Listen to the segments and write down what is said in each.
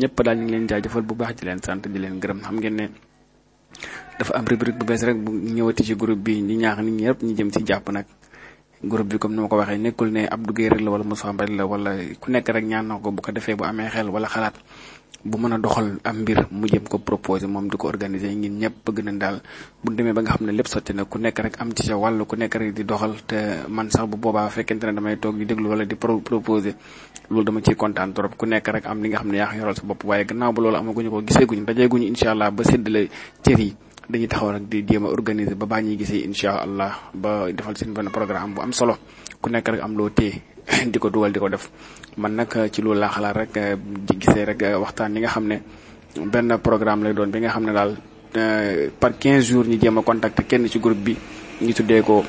ñëpp daal ñu ngi leen jaajëfal bu baax di leen sant di leen gërëm xam ngeen ne dafa am rubrique bu bees rek bu ñëwati ci groupe bi ñi ñaax nit ñi yëpp ñu jëm ci jàpp nag groupe bi comme ni ma ko waxee nekkul ne Abdou Guèye rek la wala Moussa Mbaye la wala ku nekk rek ñaan na ko bu ko defee bu amee xel wala xalaat bu mën a doxal am mbir mu jëm ko proposé moom di ko organisé ñun ñëpp bëgg nañ daal bu demee ba nga xam ne lépp sotti na ku nekk rek am ci sa wàll ku nekk rek di doxal te man sax bu boobaa fekkente ne damay toog di déglu wala di proposé loolu dama ciy kontaan trop ku nekk rek am li nga xam ne yaa yoral sa bopp waaye gannaaw ba loolu amaguñu ko giseeguñu dajeeguñu incha allah ba séddale cër yi dañuy taxaw nag di jéem organiser ba baa ñuy gisee incha allah ba defal seen benn programme bu am solo ku nekk rek am loo téye di ko dugal di ko def man nag ci loolu laa xalaat rek eh, di gisee rek eh, waxtaan li nga xam ne benn programme lay doon bi nga xam ne daal eh, par 15 jours ñu jéem a contacter kenn ci groupe bi ñu tuddee ko.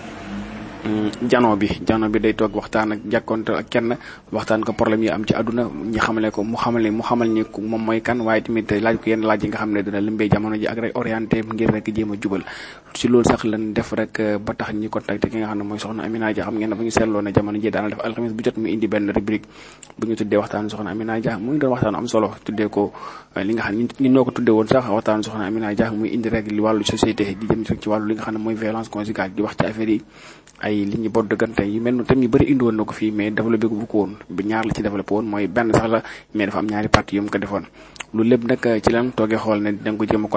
Mm, jano bi jano bi day toog waxtaan ak jàkkoonte ak kenn waxtaan ko problème yi am ci àdduna ñu xamale ko mu xamale mu xamal ni moom mooy kan waaye tamit laaj ko yenn laaj yi nga xam ne dana dina lëmbee jamono ji ak rek orienté ngir rek jéem a jubal ci loolu sax lan def rek euh, ba tax ñi contacté ki nga xam ne mooy soxna Amina Dia ngeen ne ñu seetloo ne jamono ji daana mu indi benn rubrique bu ñu tuddee waxtaan euh, soxna ci wàllu li nga xam ne mooy violence conjugale di wax ci affaire ay li bodd gante yu mel noonu tam ñu bëri indi woon na ko fii mais développé ko bu ko woon bi ñaar la ci développé woon mooy benn sax mais dafa am ñaari parti yu mu defoon loolu lépp nag ci lan toogee xool ne danga ko jéem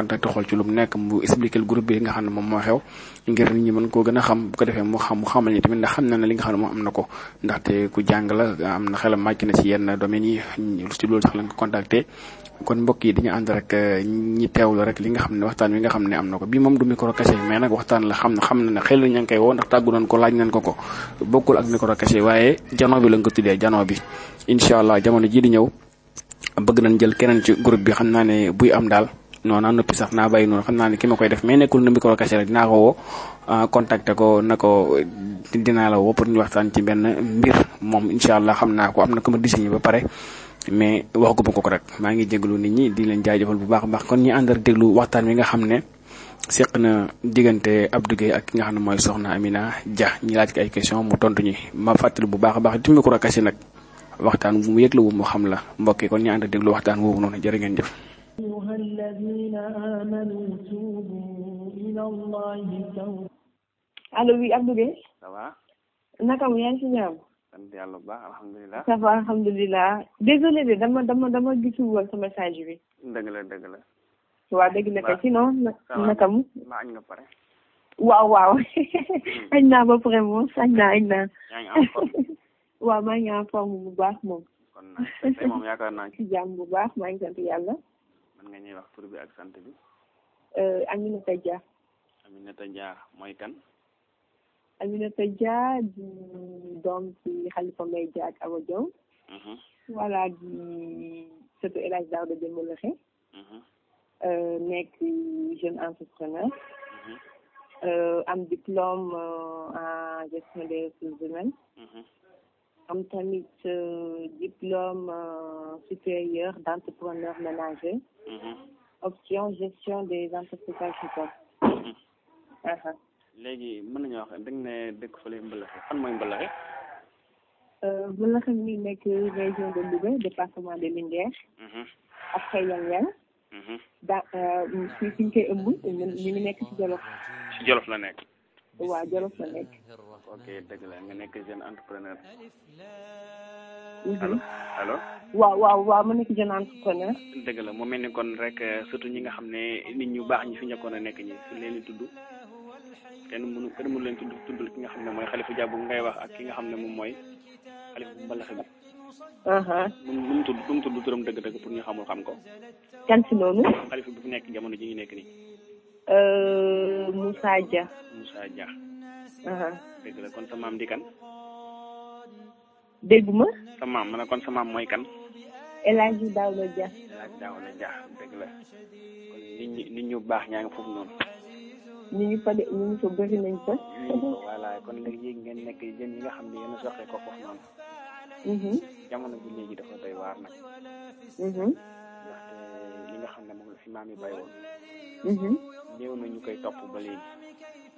moo xew ngir nit ñi mën koo gën a xam bu ko defee mu xam mu xamal ñi tamit ndax xam na ne li nga xam ne moom am na ko ndaxte ku jàng la am na xelam màcc na ci yenn domaines yi lu ci loolu sax la ko contacté kon mbokk yi dañu ànd rek ñi teewlu rek li nga xam ne waxtaan wi nga xam ne am na ko bii moom du micro kese mais nag waxtaan la xam na xam na ne xel ña ngi koy woo ndax tàggu nañ ko laaj nañ ko ko bokkul ak micro kese waaye jano bi lañ ko tuddee jano bi incha allah jamono jii di ñëw bëgg nañ jël keneen ci groupe bi xam naa ne buy am noona noppi sax naa bàyyi noonu xam naa ne ki ma koy def mais nekkul nu micro caché rek dinaa ko woo euh, dinaa la woo pour ñu waxtaan ci benn mbir moom incha allah xam naa ko am na ku ma désigné ba pare mais waxaguma ko ko rek maa ngi jégalu nit ñi di leen jaajëfal bu baax a baax kon ñi àndal déglu waxtaan wi xam ne seq na diggante Abdou Gueye ak ki nga xam ne mooy soxna Amina Dia ñi laaj ko ay question mu tontu ñi ma fàttali bu baax a baax di micro caché nag waxtaan wu mu yëg la wu xam la mbokk yi kon ñu ànd déglu waxtaan woowu noonu jërë ngeen jëf. أيها الذين آمنوا توبوا إلى الله توبة allo oui Abdou Gueye. ça va. naka mu yaa ngi ci jàmm. sant alhamdulilah. ça va alhamdulilah. désolé de dama dama dama gisul woon sa message bi. dëgg la dëgg la. waaw dëgg la kay sinon. naka mu. maa añ nga pare. waaw waaw. Hmm. añ naa ba pare moom añ naa añ naa. waaw maa ngi en forme bu baax moom. kon nag yaakaar naa ci jàmm bu baax maa yàlla. lan nga ñuy wax bi ak sant bi. Euh, Aminata Dia. Aminata Dia mooy kan. Aminata Dia di doom ci Khalifa Mbaye ak Awa Diaw. Mhm. di sëtu El Hadj Daouda Diallo mhm. euh, nekk jeune entrepreneur. Mhm. Euh, am diplôme en gestion des ressources am tamit diplôme supérieur d'entrepreneur ménager. Mm-hmm. option gestion des entreprises agricoles. Mm-hmm. Uh-huh. léegi mën nañu wax dañ ne dëkk fële Mbalaxe fan mooy Mbalaxe. Euh, Mbalaxe mi ngi nekk région de Louga département de Linguère. Mm-hmm. ak Kayang-Yang. da euh, fii fi ñu koy ëmb ñu nekk ci Jolof. ci Jolof la nekk. waa Jolof la nekk. ok dëgg la nga nekk jeune entrepreneur. allo mm-hmm. allo. waaw waaw waaw a nekk jeune entrepreneur. dëgg la mu mel ni kon rek euh, surtout ñi nga xam ne nit ñu baax ñu fi njëkkoon a nekk ñi fi leen di tudd kenn mënu kenn leen tuddu tuddal ki nga xam ne mooy Khalifa Dia bu ngay wax ki nga xam ne moom mooy Khalifa bu mbalax bi. bu uh-huh. mu bu mu tudd bu mu tudd dëgg-dëgg pour ñu xamul xam ko. kan si loolu. Khalifa bu fi nekk jamono ji ngi nekk nii. Euh, Moussa Dia. Moussa Dia. Uh-huh. dëgg la kon sa maam di dégg ma maam ma ne kon sa maam mooy kan. El Hadj Daouda Dia. El Hadj Daouda Dia dëgg la kon nit ñu baax ñaa ngi foofu noonu. ñu ngi fa de ñu ngi fa bëri nañ fa. ngeen nekk jën yi nga xam ne yéen a soqee ko foofu noonu. Mhm. jamono bi léegi dafa doy waar nag. Mhm. ndaxte li nga xam ne moom la fi maam yi bay mhm. na ñu koy topp ba léegi.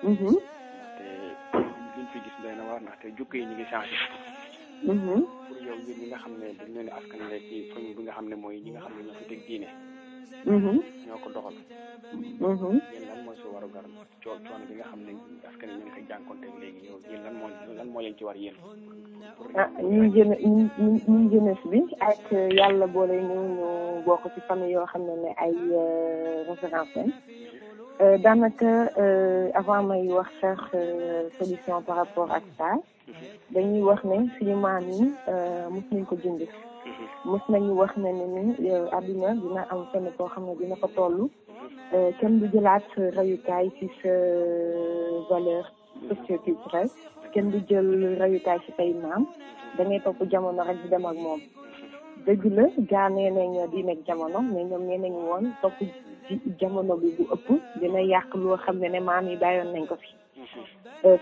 ndaxte liñ fi gis doy na waar ndaxte jukki yi ñu ngi changé. Mmh. pour yow yéen ñi nga xam ne dañ leen askan la ci soñ bi nga xam ne mooy ñi nga xam ne ñoo fi teg diine. Mmh. ñoo ko doxal. Mmh. yéen lan mooy su waru gar coono coono bi nga xam ne askan ñu ngi koy jànkuwanteel léegi yow yéen lan moo lan moo leen ci war yéen. ah ñun jën ñun ñun jeunesse bi ak yàlla boole ñu ñu bokk ci famille yoo xam ne ne ay euh, référence lañ. Euh, daanaka euh, avant may wax sax solution par rapport ak ça. dañuy wax ne suñu maam yi euh, mos nañ ko jënd. mos nañu wax na ni euh, àdduna dina am fenn koo xam ne dina fa toll. Euh, kenn du jëlaat rayukaay ci sa valeur socioculturelle kenn du jël rayukaay ci say maam da ngay topp jamono rek di dem ak moom. dëgg la gaa nee nañ di nekk jamono mais ñoom nee nañu woon topp jamono bi bu ëpp dina yàq loo xam ne ne maam yi bàyyoon nañ ko fi.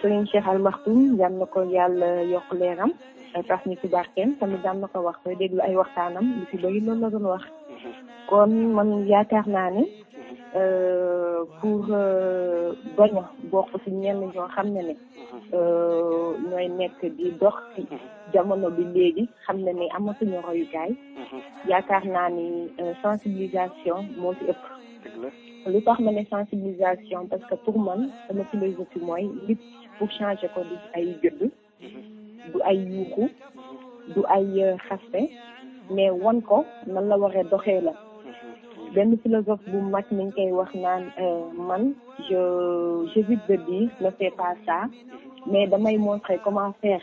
Sëriñ Cheikh Al Maktoum yal na ko yàlla yokk leeram tax ñu ci barkeem tamit daan na ko wax koy déglu ay waxtaanam lu ci bëri loolu la doon wax kon man yaakaar naa ne euh, pour euh, bañ a bokk ci ñenn ñoo xam ne ne euh, ñooy nekk di dox ci jamono bi léegi xam ne ne amatuñu royukaay yaakaar naa ni sensibilisation moo ci ëpp politique la. lu tax ma ne sensibilisation parce que pour man sama philosophie mooy nit pour changer ko du ay gëdd. Mhm. du ay yuuxu. Mhm. du ay euh, xaste mais wan ko nan la waree doxee la. Mhm. benn philosophe bu mag mi ngi koy wax naan euh, man je j'évite de dire ne fais pas mais damay montrer comment faire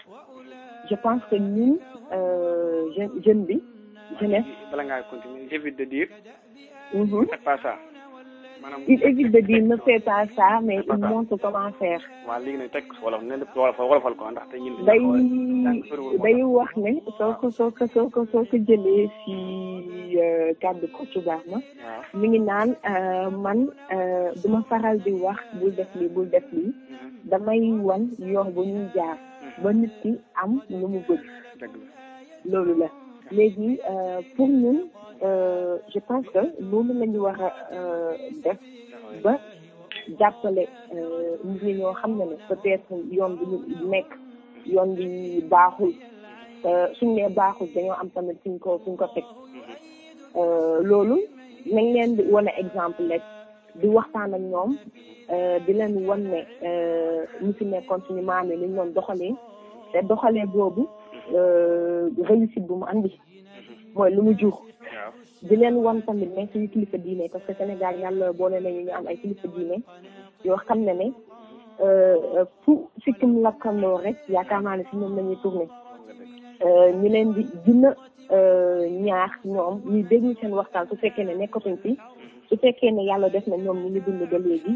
je pense que ñun euh, jeune jeune bi jeunesse. bala ngaa continuer j'évite de dire. ne fais il évite de dire ne fais pas ça mais il montre comment faire. day day wax ne soo ko soo ko soo ko soo ko jëlee si euh, kàddu ko baax na mi ngi naan euh, man euh, duma faral di wax bul def lii bul def lii. Mhm. damay wan yoon bu ñuy jaar. Mhm. ba nit ki am lu mu bëgg. loolu la. léegi euh, pour ñun euh, je pense que loolu la ñu war euh, def ba jàppale nit ñi ñoo xam ne ne peut-être yoon bi ñu nekk yoon bi baaxul suñ nee baaxul dañoo am tamit suñ ko suñ ko teg loolu nañ leen di wane exemple rek di waxtaan ak ñoom di leen wan ne ñu fi nekkoon suñu maam yi ñu doon doxalee te doxalee boobu. Euh, réussite bu mu andi mooy lu mu jur di leen wan tamit ne suñu kilifa diine parce que Sénégal yàlla boole nañu ñu am ay kilifa diine yoo xam ne ne euh, fu sikkim lakkandoo rek yaakaar naa ne si moom lañuy tourné euh, ñu leen di gën a ñaax ñoom ñuy déglu seen waxtaan su fekkee ne nekkatuñ fi su fekkee ne yàlla def na ñoom ñu ngi dund ba léegi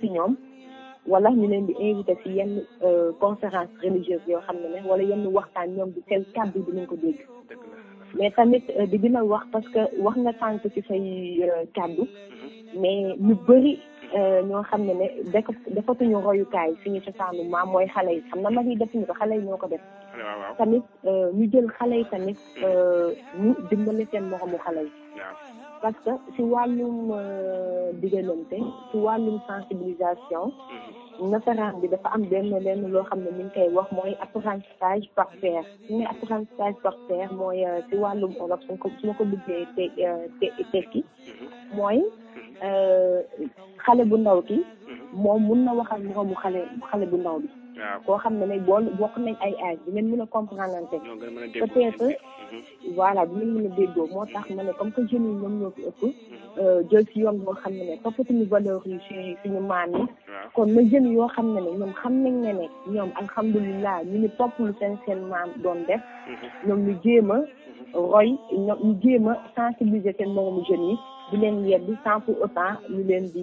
ñu ñoom wala ñu leen di invité si yenn euh, conférence religieuse yoo xam ne ne wala yenn waxtaan ñoom di tel kàddu bi nañ ko dégg mais tamit euh, di gën a wax parce que wax nga tànk ci say euh, kàddu mm-hmm. mais ñu bëri ñoo xam ne ne def defatuñu royukaay suñu cosaanu maam mooy xale yi xam na mag yi defuñu ko xale yi ñoo ko def waaw tamit euh, ñu jël xale yi tamit mm. euh, ñu dimbali seen moromu xale yi. parce que si wàllum euh, diggante si wàllum sensibilisation. Mm. nasaraan bi dafa am benn lenn loo xam ne ñu ngi koy wax mooy apprentissage par pair su ñu apprentissage par pair mooy si wàllum olof su ma ko liggéeyee te te tekki mm-hmm. mooy mm-hmm. xale bu ndaw ki mm-hmm. moom mun na waxal moroomu xale xale bu ndaw bi. koo xam ne ne bool bokk nañ ay âge di leen mën a comprendre ante peut mhm. voilà di leen mën a déggoo moo tax ma ne comme que jeunes yi ñoom ñoo fi ëpp mhm. euh, jël si yoon boo xam ne ne toppatuñu valeur yi suñu suñu maam yi kon na jeunes yoo xam ne ne ñoom xam nañ ne ne ñoom alhamdulilah ñu ngi topp lu seen seen maam doon def mhm. ñoom ñu jéem a roy ñoom ñu jéem a sensibiliser seen moroomu jeunes yi di leen yedd sans pour autant ñu leen di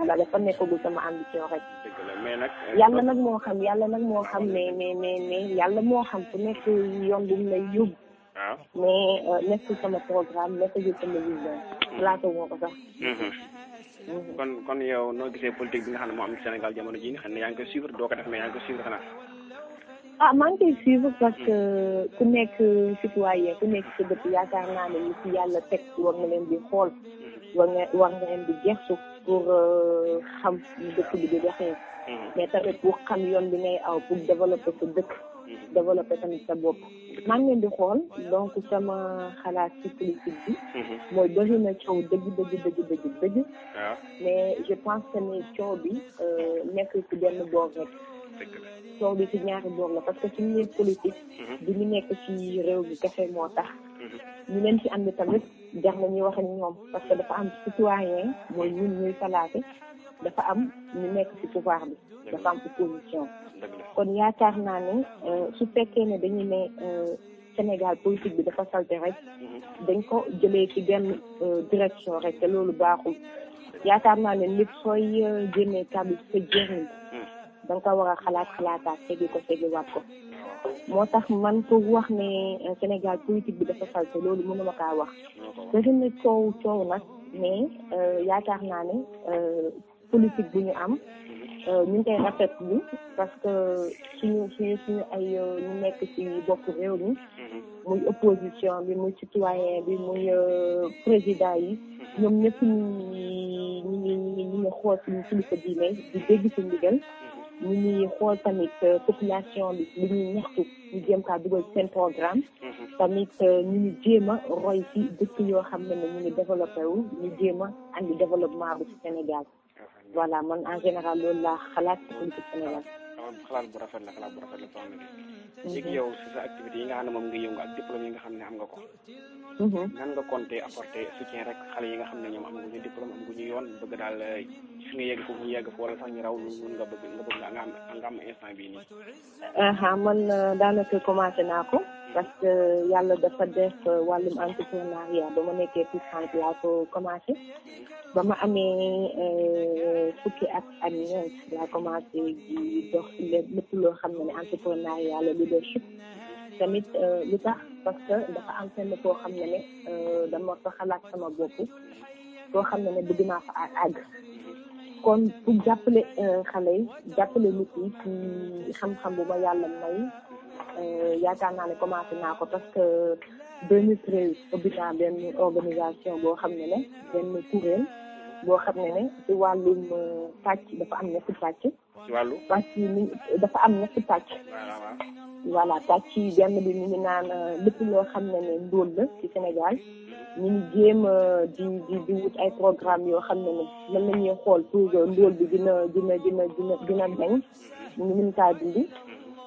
Talla dafa nekkagul sama ambition rek. yàlla nag moo xam yàlla nag moo xam mais mais mais mais yàlla moo xam ku nekk yoon bu mu lay yóbbu. waaw ah. mais euh, nekkul sama programme nekkagul sama vision. laata woo ko sax. Mhm. Mhm. kon kon yow noo gisee politique bi nga xam ne moo am ci ji nga xam ne yaa ngi koy suivre doo ko def mais yaa ngi xanaa. ah maa ngi koy parce que mhm. ku nekk citoyen ku nekk sa dëkk yaakaar naa ne ñu yàlla teg war nga xool war nga war pour euh, xam dëkk bi di doxee. Mm-hmm. mais tamit pour xam yoon bi ngay aw pour développer sa dëkk. Mm-hmm. développer tamit sa bopp. Mm-hmm. maa ngi di xool donc sama xalaat ci politique bi. mooy bëri na coow dëgg dëgg dëgg dëgg dëgg. Ah. mais je pense que ni coow bi euh, nekk ci benn boor rek. coow bi ci ñaari boor la parce que ci nee bi ñu nekk ci réew bi kese moo tax. ñu leen ci ànd tamit jar na ñuy wax ak ñoom parce que dafa am citoyen mooy ñun ñuy salaate dafa am ñu nekk ci pouvoir bi dafa am opposition kon yaakaar naa ne euh, su fekkee ne dañu ne euh, Sénégal politique bi dafa salte rek dañ ko jëlee ci benn euh, direction rek te loolu baaxul yaakaar naa ne nit sooy génnee kàddu sa jëriñ da nga ko war a xalaat xalaataat segi ko segiwaat ko moo tax man pour wax ne euh, Sénégal politique bi dafa salte loolu mënuma kaa wax dafa ne coow coow nag mais euh, yaakaar naa ne euh, politique bu ñu am ñu ngi koy rafetlu parce que suñu suñu suñu ay ñu nekk ci bopp réew mi muy opposition bi muy citoyen bi muy président yi ñoom ñëpp ñu ñu ñu ñu ñu xool suñu kilifa diine di dégg suñu ndigal ñu ngi xool tamit euh, population bi li ñuy ñaxtu ñu jéem kaa dugal seen programme mhm. tamit euh, ñu ngi jéem a roy ci dëkk yoo xam ne ne ñu ngi développé wu ñu jéem a andi développement bu Sénégal mhm. voilà man en général loolu laa xalaat ci politique Sénégal loolu xalaat bu rafet la xalaat bu rafet la soxna bi mm-hmm. léegi yow si sa activité yi nga xam ne moom nga yëngu ak diplôme yi nga xam ne am nga ko mm-hmm. nan nga compté apporter soutien rek xale yi nga xam ne ñoom am guñu diplôme am guñu yoon bëgg daal nga euh, yegg foofu ñu sax ñu raw nga bëgg nga bëgg nga am nga am instant bii nii man euh, daanaka naa ko parce que yàlla dafa def euh, wàllum entrepreneuriat ba ma nekkee tout temps laa ko commencé ba ma amee euh, fukki at ak ñeent laa commencé di loo xam ne entrepreneuriat la leadership tamit euh, lu tax parce que dafa am fenn koo xam ne ne dama fa xalaat sama bopp koo xam ne ne bëgg naa fa àgg kon pour jàppale xale yi jàppale nit yi ci xam-xam bu ma yàlla may E, yaakaar naa ne commencé naa ko parce que 2013 ubbi benn organisation boo xam ne ne benn kuréel boo xam ne ne ci wàllum euh, pàcc dafa am ñetti pàcc. ci wàllu pàcc yi dafa am ñetti pàcc. voilà pàcc yi benn bi ñu ngi naan euh, lépp loo xam ne ne ndóol la ci Sénégal. ñu ngi jéem euh, di di di wut ay programme yoo xam ne ne mën nañuy xool pour ndóol bi dina dina dina dina dina dañ ñu mën kaa dindi.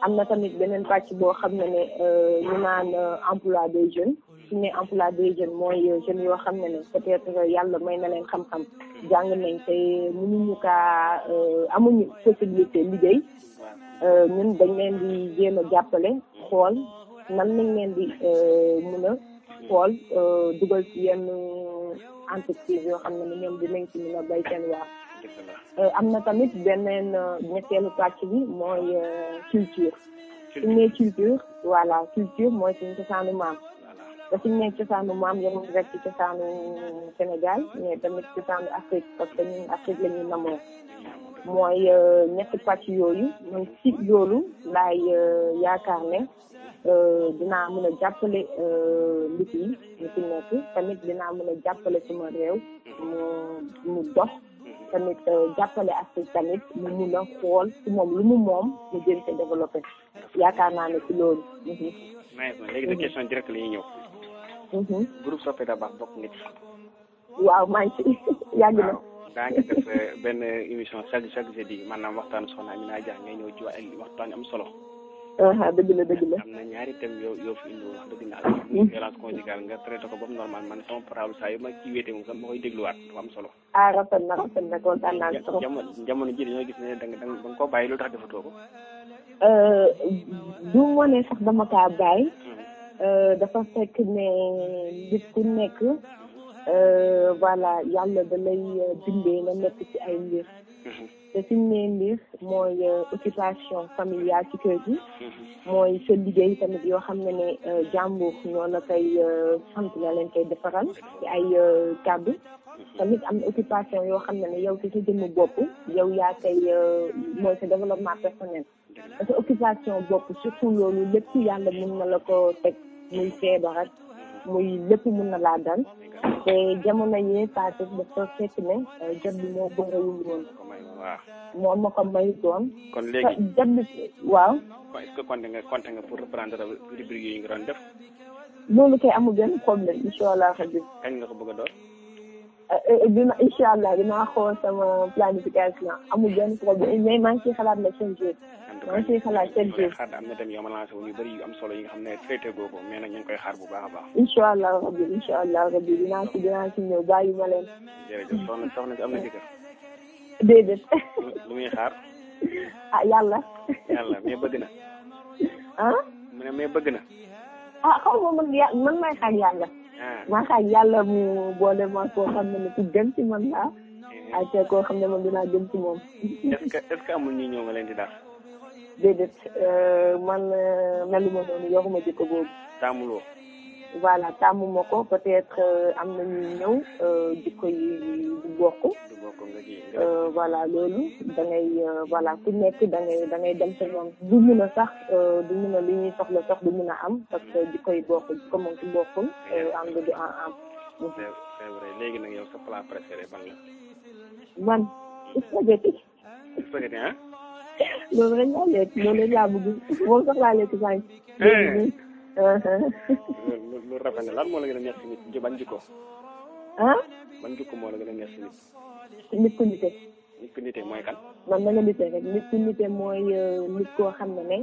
am na tamit beneen pàcc boo xam ne ne euh, ñu naan euh, emploi des jeune su ne emploi des jeunes mooy euh, jeunes yoo xam ne ne peut-être yàlla may na leen xam-xam mm. jàng nañ te mënuñu kaa amuñu possibilité liggéey ñun dañ leen di jéem a jàppale xool nan nañ leen di mën a xool dugal ci yenn entreprise yoo xam ne ne ñoom dinañ ci mën a bay seen waar Euh, am na tamit beneen euh, ñetteelu pàcc bi mooy euh, culture suñ ne culture voilà culture mooy suñ cosaanu maam te suñ ne cosaanu maam yemul rek ci cosaanu Sénégal mais tamit cosaanu Afrique parce que ñun Afrique la ñuy mooy ñetti pàcc yooyu man ci loolu laay yaakaar ne dinaa mën a jàppale nit yi ñu fi nekk tamit dinaa mën a jàppale suma réew mu mu dox tamit euh, jàppale Afrique tamit mu mun a xool ci moom lu mu moom mu jëm sa développé yaakaar naa ne ci loolu. Mhm. mais léegi de mhm. question direct la ñuy ñëw. Mhm. groupe Sope Daba bokk nga ci. waaw maa ngi ci yàgg na. ngi def euh, benn émission chaque chaque jeudi maanaam waxtaan soxna Amina Dia ngay ñëw ci waxtaan am solo. Uh-huh, dëgg la dëgg la am na ñaari thèmes yoo yoo fi indi wax dëgg naa violence conjugale nga traité ko ba mu normal man sama parole saa yu ma ci wéete moom sax ma koy dégluwaat du am solo ah rafet na rafet na kontaan naa trop jamono jamono ji dañoo gis ne da nga da nga koo bàyyi lu tax defatoo ko uh, du ma ne sax dama kaa bàyyi mm-hmm. uh, dafa fekk ne nit ku nekk Euh, voilà yàlla da lay euh, bindee nga nekk ci ay mbir. Mhm. te suñ nee mbir mooy euh, occupation familiale ci kër gi. Mhm. mooy sa liggéey tamit yoo xam ne ne jàmbur ñoo la koy sant na leen koy defaral ci ay kàddu. Mhm. tamit am na occupation yoo xam ne ne yow ci sa jëmm bopp yow yaa koy mooy sa développement personnel. parce que occupation bopp surtout loolu lépp yàlla mun na la ko teg muy feebar muy lépp mun na laa dal te jamono yee paase dafa fekk ne euh, jot bi moo bëriwul woon waaw moom ma ko may doon kon léegi jot bi waaw est-ce que compté nga compté nga pour reprendre rubrique yi nga doon def loolu kay amul benn problème incha allah xajul kañ nga ko bëgg a doon Eh, eh, dina incha allah dinaa xool sama planification amul benn problème eh, mais maa ngi ciy xalaat nag chaque jour. maa ngi ciy xalaat chaque jour. xaar am na tamit yoo ma lancé wu ñu bëri yu am solo yi nga xam ne traité goo ko mais nag ñu ngi koy xaar bu baax a baax. incha allah rabbi incha allah rabbi dinaa ci dinaa ci ñëw bàyyi ma leen. jërëjëf soxna soxna si am na jëkkër. déedéet. lu muy xaar. ah yàlla. yàlla mais bëgg na. ah. mu ne mais bëgg na. ah xaw ma man man may xaar yàlla. ma xaaj yàlla mu boole ma koo xam ne ku gën ci man laa. Mhm. ak koo xam ne man dinaa gën ci moom. est-ce que est-ce que amul ñu ñëw nga leen di dàq. déedéet euh, man euh, meluma noonu yoruma jikko boobu. taamuloo. voilà tàmmuma ko peut euh, am na ñuy ñëw euh, jikko yi du bokk. du bokk nga euh, loolu da ngay ku nekk da ngay dem sa yoon du mun a sax du mun a li ñuy soxla sax du mun am parce que jikko yi bokkul jikko bokkul. am du en am. sa plat préféré ban man spaghetti. loolu rek lekk loolu laa bëgg moom sax laa lekk sànq. Eh! loolu loolu lan moo la gën a neex si nit ci ban jikko. ah. ban moo la gën a neex nit. nit ku nite. mooy kan. man na nga nite rek euh, nit koo xam ne ne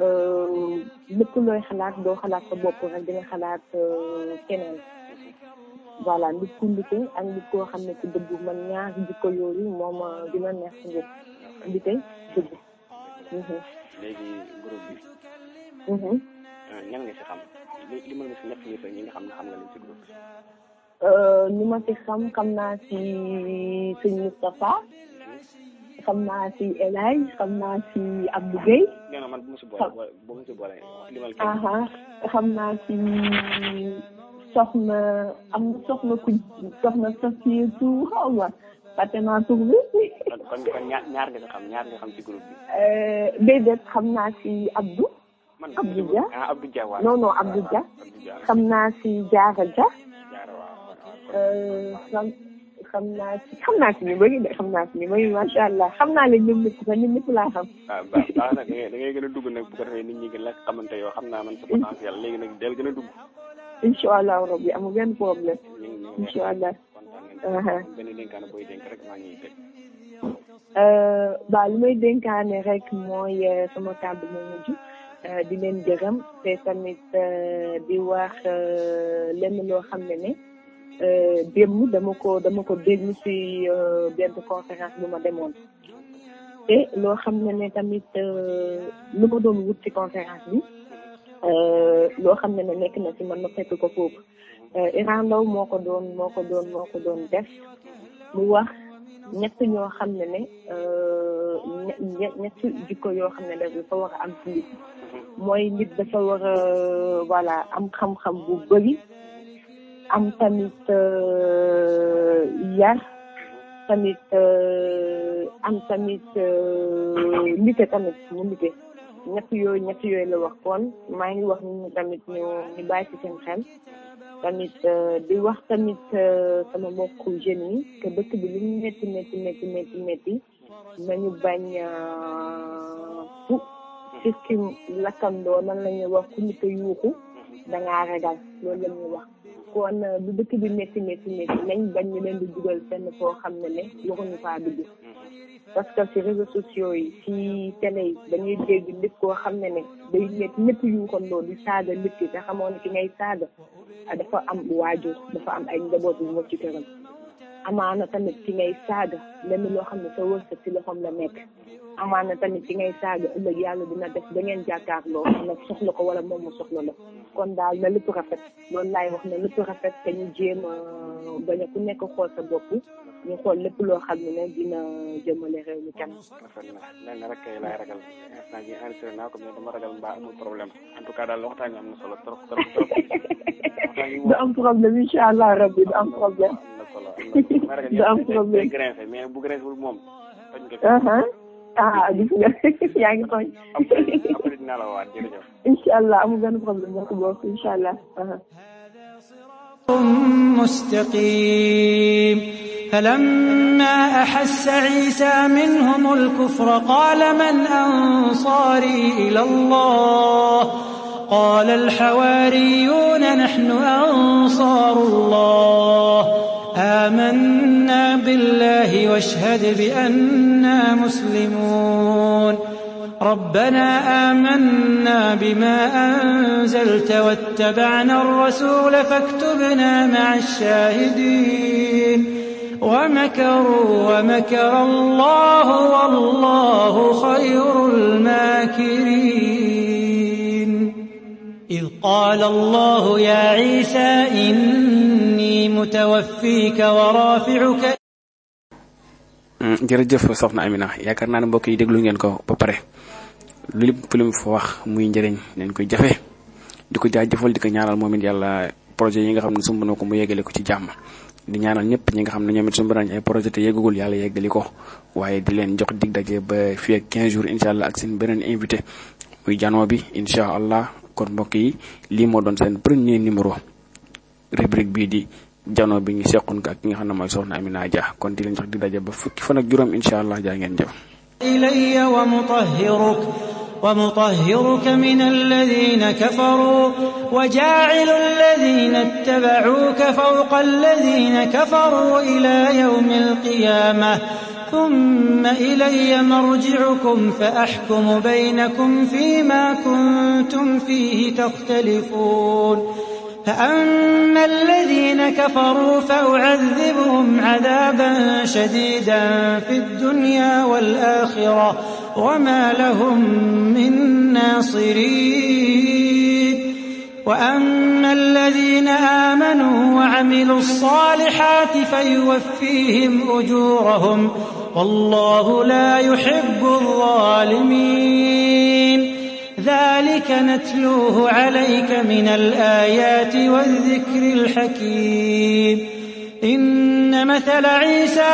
euh, lépp looy xalaat a xalaat sa bopp rek di nga xalaat euh, keneen. Mhm. voilà nit ku nite koo xam ne ci dëggu man ñaar jikko yooyu moom ñan nga si xam li li ma nga si xam ne xam nga leen si euh, xam xam naa si sëñ Moustapha. xam naa ci El Hadj xam naa si Abdou Gueye. ma si boole bu ma xam naa si soxna am soxna ku soxna société xaw ma fàtte naa tur bi. ñaar ñaar nga xam ñaar nga xam si groupe bi. Euh, déedéet xam naa si Abdou. Abdou Dia ah, Abdou Dia waaw non non Abdou Dia xam naa si Diarra Dia euh, xam xam naa ci xam naa de xam naa ci ñu bëri macha allah xam naa leen ñoom ñëpp sax ah, gën a dugg nag bu ko defee nit gën la xamante yoo xam naa man sa potentiel léegi nag del gën a dugg. incha allah rabbi amul benn problème incha allah. benn dénkaane booy dénk rek euh, may dénkaane rek mooy euh, sama kàddu moo mujj. Euh, di leen jëgam te tamit euh, di wax euh, lenn loo xam ne ne démb dama ko dama ko dégg ci benn conférence bu ma demoon te loo xam ne ne tamit lu ma doon wut ci conférence bi loo xam ne ne nekk na ci ma fekk ko foofu Iran Ndao moo ko doon moo ko doon moo ko doon def mu wax ñett ñoo xam ne ne ñett jikko yoo xam ne daf dafa war a am ci nit mooy nit dafa war a voilà am xam-xam bu bëri am tamit euh, yar tamit euh, am tamit euh, nite tamit mu nite ñett yooyu ñett yooyu la wax kon maa ngi wax ni tamit ñu ñu bàyyi ci seen xel tamit di wax tamit sama mbokku jeunes yi que dëkk bi lu ñu métti métti métti métti métti nañu bañ sikki lakkandoo nan la ñuy wax ku nit a yuuxu da ngaa loolu la wax kon euh, bu dëkk bi métti métti métti nañ bañ leen di dugal fenn foo xam ne ne waxuñu faa parce que ci réseaux sociaux yi dañuy dégg nit koo xam ne ne day métti ñëpp yuuxandoo di saaga nit ki te xamoon ki ngay saaga ah, dafa am waajur dafa am ay njaboot yu mu ci këram amaana tamit ci ngay saaga lenn loo xam ne sa wërsëg ci la nekk amaana tamit ci ngay saaga ëllëg yàlla dina def da ngeen jàkkaarloo nag soxla ko wala moom la kon daal na lépp rafet loolu laay te ñu jéem a bañ a ku nekk xool sa bopp ñu xool lépp loo xam ne dina jëmale na lenn rek kay laay ragal instant bi enregistré naa ko mais dama ragal mbaa amul problème en tout cas daal waxtaan yi am na solo trop trop trop. du am problème incha allah rabbi du am problème. solo du am problème grincé mais bu grincé wul moom toj nga ah gis nga yaa ngi tooñ après dinaa la waat jërëjëf incha allah amul benn problème bokk bokk incha allah مستقيم فلما أحس عيسى منهم الكفر قال من أنصاري إلى الله قال الحواريون نحن أنصار الله آمنا بالله واشهد بأننا مسلمون ربنا آمنا بما أنزلت واتبعنا الرسول فاكتبنا مع الشاهدين ومكروا ومكر الله والله خير الماكرين إذ قال الله يا عيسى إن متوفيك ورافعك mm, jërëjëf soxna Amina yaakaar naa ne mbokk yi déglu ngeen ko ba pare lu lépp lu mu wax muy njëriñ nañ koy jafe di ko jaajëfal di ko ñaanal moom it yàlla projet yi nga xam ne sumb na ko mu yeggale ko ci jàmm di ñaanal ñëpp ñi nga xam ne ñoom it sumb ay projet te yeggagul yàlla yeggali ko waaye di leen jox dig daje ba fi ak 15 jours incha allah ak seen beneen invité muy janoo bi incha allah kon mbokk yi lii moo doon seen premier numéro rubrique bii di. jano bi ñu seqoon ko ak ki nga xam ne mooy soxna Amina Dia kon di leen jox di daje ba fukki fan ak juróom incha allah jaa ngeen jëf ilayya wa mutahhiruk ومطهرك من الذين كفروا وجاعل الذين اتبعوك فوق الذين كفروا إلى يوم القيامة ثم إلي مرجعكم فأحكم بينكم فيما كنتم فيه تختلفون فأما الذين كفروا فأعذبهم عذابا شديدا في الدنيا والآخرة وما لهم من ناصرين وأما الذين آمنوا وعملوا الصالحات فيوفيهم أجورهم والله لا يحب الظالمين ذلك نتلوه عليك من الآيات والذكر الحكيم إن مثل عيسى